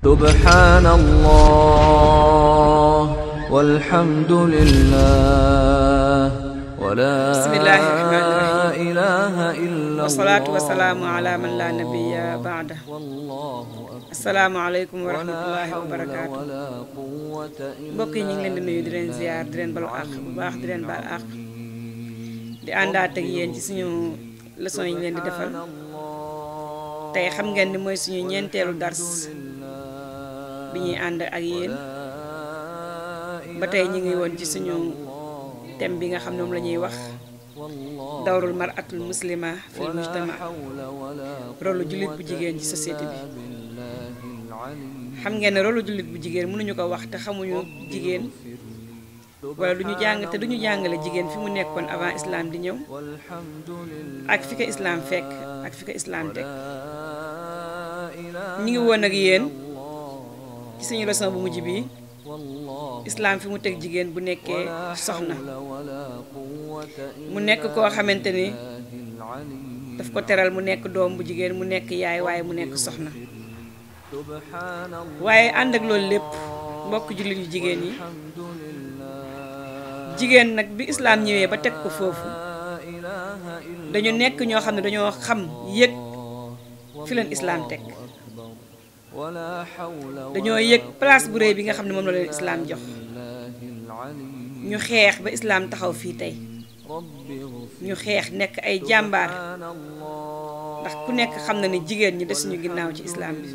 سبحان الله والحمد لله ولا بسم الله الرحمن الرحيم إله إلا الله والصلاة والسلام على من لا نبي بعده والله السلام عليكم ورحمة الله وبركاته بقي نين لين نيو درين زيار درين بال اخ باخ درين بال اخ دي اندات اك يين سي سونو لسون نين دي ديفال تاي خم غن دي موي سونو نينتيلو درس bi and ak yeen ba tey ngi woon ci suñu tem bi nga xamne mom lañuy wax dawrul maratul muslima fil mujtama rolu julit bu jigen ci society bi xam ngeen rolu julit bu jigen. mënuñu ko wax te xamuñu jigen wala duñu jang te duñu jangale jigen fi mu nekkon avant islam di ñew ak fi ka islam fek ak fi ka islam tek ñi ngi woon ak yeen ci suñu leçon bu mujj bi islam fi mu teg jigéen bu nekkee soxna mu nekk koo xamante ni daf ko teral mu nekk doom bu jigéen mu nekk yaay waaye mu nekk soxna waaye ànd ak loolu lépp mbokk jullit yu jigéen yi jigéen nag bi islam ñëwee ba teg ko foofu dañu nekk ñoo xam ne dañoo xam yëg fi leen islam teg dañoo yëg place bu rëy bi nga xam ne moom la islam jox ñu xeex ba islam taxaw fii tey ñu xeex nekk ay jàmbaar ndax ku nekk xam na ne jigéen ñi desuñu ginnaaw ci islam bi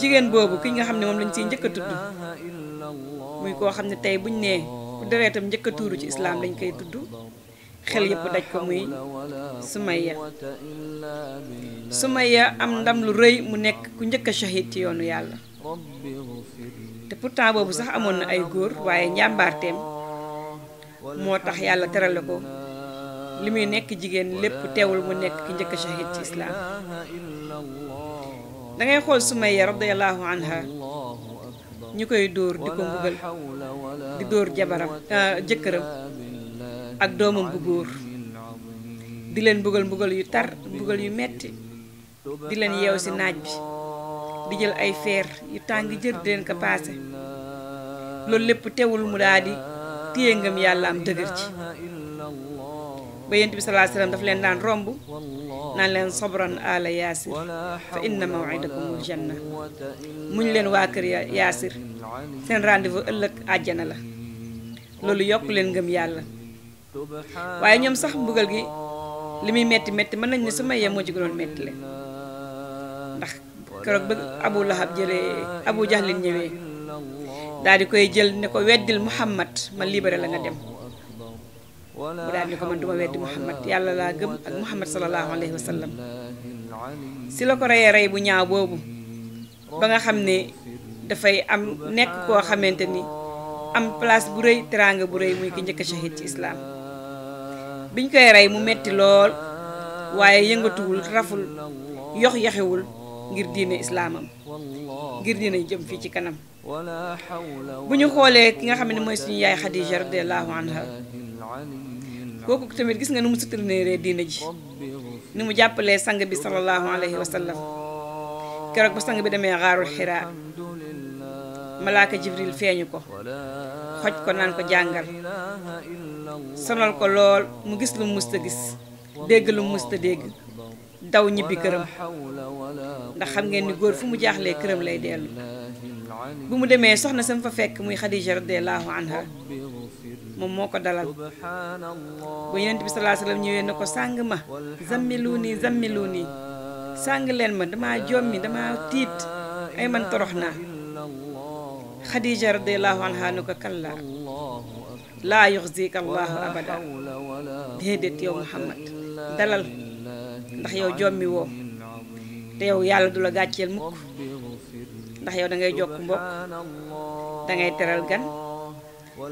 jigéen boobu ki nga xam ne moom lañ siy njëkk a tudd muy koo xam ne tey buñ nee ku dereetam njëkk a tuuru ci islam lañ koy tudd xel yëpp daj ko muy Sumayya Sumayya am ndam lu rëy mu nekk ku njëkk a ci yoonu yàlla te pourtant boobu sax amoon na ay góor waaye njàmbaarteem moo tax yàlla terale ko li muy nekk jigéen lépp teewul mu nekk ki njëkk a ci islaam dangay xool Sumayya radiyallahu anha ñu koy dóor di ko mbugal di dóor jabaram euh, jëkkëram ak doomam bu góor di leen mbugal mbugal yu tar mbugal yu metti di leen yeew ci naaj bi di jël ay feer yu tàng jër di leen ko paase loolu lépp teewul mu daa di téye ngëm yàlla am dëgër ci ba bi salaa salaam daf leen daan romb naan leen sobran ala yaasir fa inna mawidakumul janna muñ leen waa kër yaasir seen rendez ëllëg àjjana la loolu yokk leen ngëm yàlla waaye ñoom sax mbugal gi li muy metti metti mën nañ ne sama yem moo ci gënoon metti le ndax keroog ba abu lahab jëlee abu jahlin ñëwee daal di koy jël ne ko weddil muhammad ma libéré la nga dem mu daal ni ko man duma weddi muhammad yàlla laa gëm ak muhammad sallallahu alayhi wa sallam si la ko reyee rey bu ñaaw boobu ba nga xam ni dafay am nekk koo xamante ni am place bu rëy teraanga bu rëy muy ki njëkk a ci islaam biñ koy rey mu metti lool waaye yëngatuwul raful yox yaxewul ngir diine islaamam ngir diine jëm fii ci kanam bu ñu xoolee ki nga xam ne mooy suñu yaay Xadija radiyallahu anha kooku tamit gis nga ni mu soutenir diine ji ni mu jàppalee sang bi sallallahu alayhi wa keroog ba sang bi demee xaarul xiraa malaaka jibril feeñu ko xoj ko naan ko jàngal sonal ko lol mu gis lu musta gis deg lu musta deg daw ñibi kërëm ndax xam ngeen ni goor fu mu jaxlé kërëm lay bu mu démé soxna sam fa fekk muy khadija radhiyallahu anha mom moko dalal bu yonent bi salaa sallam ñëwee na ko sàng ma zammiluni zammiluni sang leen ma dama jommi dama tit ay man toroxna khadija radhiyallahu anha nu kallah laa yuxzika allahu abada déedéet yow muhammad dalal ndax yow jommi woo te yow yàlla du la gàcceel mukk ndax yow da ngay jokk mbokk da ngay teral gan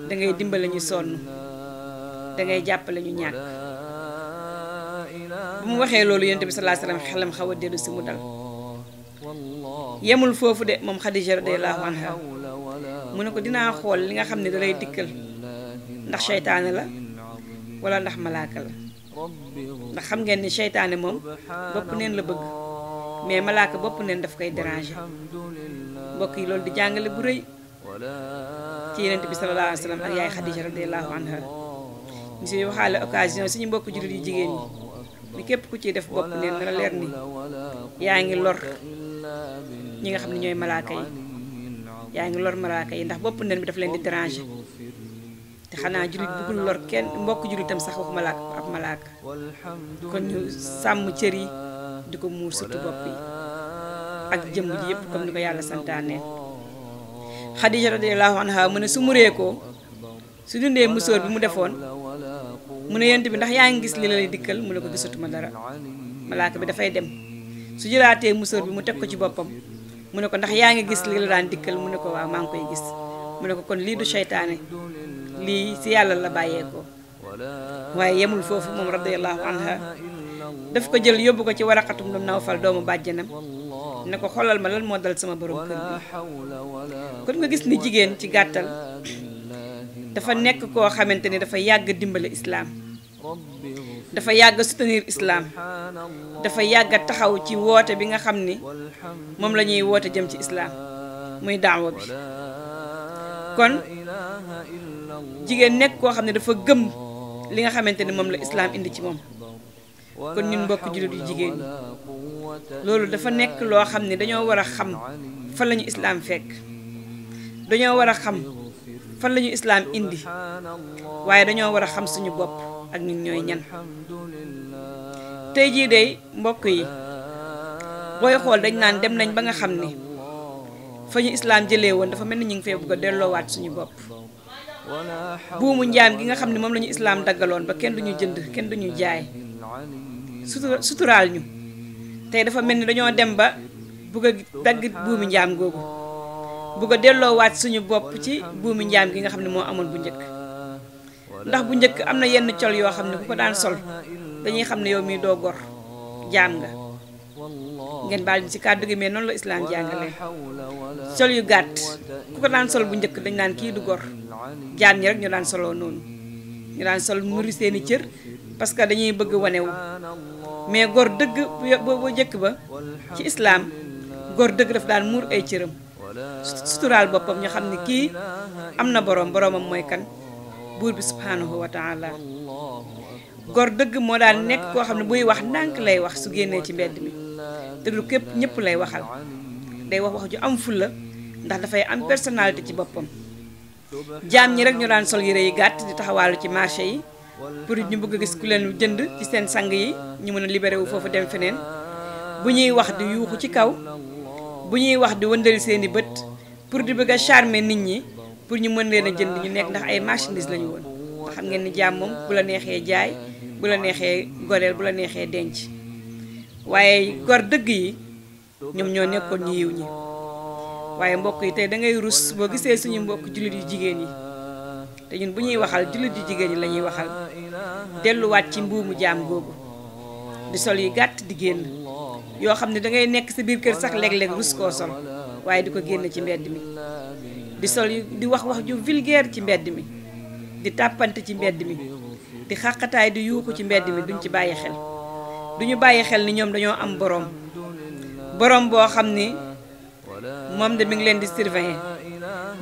dangay ngay dimbale ñu sonn dangay jàppale ñu ñàkk bu mu waxee loolu yonent bi sallallahu alayhi wasallam xelam xaw a dellu si mu dal yemul foofu de moom Xadija radiyallahu anha mu ne ko dinaa xool li nga xam ne dalay dikkal ndax seytaane la wala ndax malaaka la ndax xam ngeen ni seytaane moom bopp neen la bëgg mais malaaka bopp neen daf koy déranger mbokk yi loolu di jàngale bu rëy ci yenent bi sallallahu alayhi wa sallam ak yaay Xadija radiyallahu anha ñu si waxaale occasion suñu mbokk jullit yu jigéen ñi ku ciy def bopp neen na la leer yaa ngi lor ñi nga xam ne ñooy malaaka yi yaa yi ndax bopp leen di déranger te xanaa jurit bëggul lor kenn mbokk juritam sax waxuma la ab malaaka kon ñu sàmm cër yi di ko muur surtout bopp yi ak jëmm ji yëpp comme ni ko yàlla santaanee Xadija radiyallahu anha mu ne su muree ko su dundee musóor bi mu defoon mu ne yent bi ndax yaa ngi gis li la dikkal mu ne ko gisatuma dara malaaka bi dafay dem su jëlaatee musóor bi mu teg ko ci boppam mu ne ko ndax yaa ngi gis li la daan dikkal mu ne ko waaw maa ngi koy gis mu ne li si yalla la ko waaye yamul fofu mom radiyallahu anha daf ko jël yóbbu ko ci waraqatum lu nawfal doomu bàjjanam ne ko xoolal ma lan mo dal sama borom kër bi kon nga gis ni jigen ci gatal dafa nek ko xamanteni dafa yag dimbal Islam. dafa yag soutenir Islam. dafa yag taxaw ci wote bi nga xamni mom lañuy wote jëm ci islam muy da'wa bi kon jigéen nekk koo xam ne dafa gëm li nga xamante ne moom la islaam indi ci moom kon ñun mbokk jullit yu jigéen ñi loolu dafa nekk loo xam ne dañoo war a xam fan la ñu islaam fekk dañoo war a xam fan la ñu islaam indi waaye dañoo war a xam suñu bopp ak ñun ñooy ñan tey jii day mbokk yi booy xool dañ naan dem nañ ba nga xam ne fa ñu islaam jëlee woon dafa mel ni ñu ngi fee bëgg a delloowaat suñu bopp buumu njaam gi nga xam ne moom la ñu islaam daggaloon ba kenn du ñu jënd kenn du ñu jaay suturaal ñu tey dafa mel ni dañoo dem ba bugg a dagg buumi njaam googu bugg a delloowaat suñu bopp ci buumi njaam gi nga xam ne moo amoon bu njëkk ndax bu njëkk am na yenn col yoo xam ne ku ko daan sol dañuy xam ne yow mii doo gor jaam nga ngeen baal ñu ci kàddu gi mais noonu la islaam jàngale sol yu gàtt ku ko daan sol bu njëkk dañ naan kii du gor jaam ñi rek ñu daan soloo noonu ñu daan sol muri seeni cër parce que dañuy bëgg wanewu mais gor dëgg bu jëkk ba ci islaam góor dëgg daf daan muur ay cëram suturaal boppam ñu xam ne kii am na boroom boroomam mooy kan buur bi subhanahu wa taala dëgg moo daan nekk koo xam ne buy wax ndànk lay wax su génnee ci mbedd mi déglu képp ñëpp lay waxal day wax wax ju am fulla ndax dafay am personnalité ci boppam jaam ñi rek ñu daan sol yére yi gàtt di taxawaalu ci marché yi pour ñu bëgg a gis ku leen jënd ci seen sang yi ñu mën a libéré wu foofu dem feneen bu ñuy wax di yuuxu ci kaw bu ñuy wax di wëndali seeni bët pour di bëgg a charmer nit ñi pour ñu mën leen a jënd ñu nekk ndax ay marchandises lañu woon te xam ngeen ni jaam moom bu la neexee jaay bu la neexee goreel bu la neexee denc waaye gor dëgg yi ñoom ñoo nekkoon ñu yiw ñi waaye mbokk yi tey da ngay rus boo gisee suñu mbokk jullit yu jigéen yi te ñun bu ñuy waxal jullit yu jigéen yi la ñuy waxal delluwaat ci mbuumu jaam googu di sol yu gàtt di génn yoo xam ne dangay nekk si biir kër sax léeg-léeg rus koo sol waaye di ko génn ci mbedd mi di sol di wax wax ju vulgaire ci mbedd mi di tàppante ci mbedd mi di xàqataay di yuuxu ci mbedd mi duñ ci bàyyi xel duñu bàyyi xel ni ñoom dañoo am boroom boroom boo xam ni moom de mi ngi leen di surveiller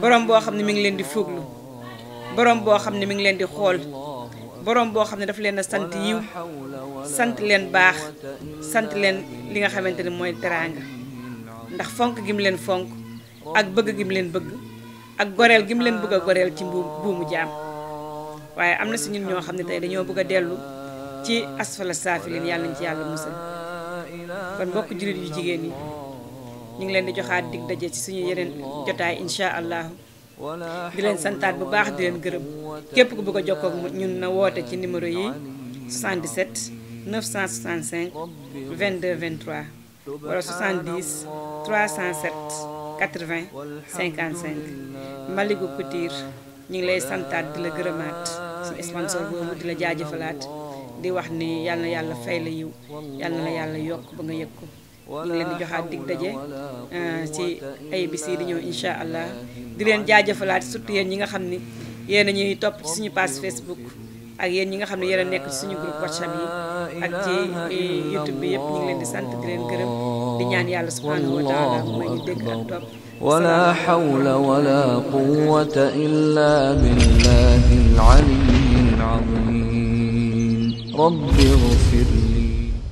borom boo xam ne mi ngi leen di fuglu boroom boo xam ne mi ngi leen di xool boroom boo xam ne dafa leen a sant yiw sant leen baax sant leen li nga xamante ne mooy teraanga ndax fonk gi mu leen fonk ak bëgg gi mu leen bëgg ak goreel gi mu leen bëgg a goreel ci buumu jaam waaye am na si ñun ñoo xam ne tey dañoo bëgg a dellu ci asfala leen yàlla nañ ci yàlla musal kon mbokk jullit yu jigéen yi ñu ngi leen di joxaat dig daje ci suñu yeneen jotaay incha allah di leen santaat bu baax di leen gërëm képp ku bëgg a jokkoo ak ñun na woote ci numéro yi 77 965 22 23 wala 70 307 80 55 Malick ñu ngi lay santaat di la gërëmaat suñu sponsor boobu di la jaajëfalaat di wax ni yàlla na yàlla fay la yiw yàlla na la yàlla yokk ba nga yëg ko ñu leen di joxaat dig daje ci ay bis di insha allah di leen jaajëfalaat surtout yeen ñi nga xamni ni yéen a ñuy ci suñu page facebook ak yeen ñi nga xamni ne yéen nekk ci suñu groupe whatsapp yi ak ci youtube bi yëpp ñu ngi leen di sant di leen gërëm di ñaan yalla subhanahu wa taala mooy ñu dégg ak top ولا حول ولا قوة إلا بالله العلي العظيم رب اغفر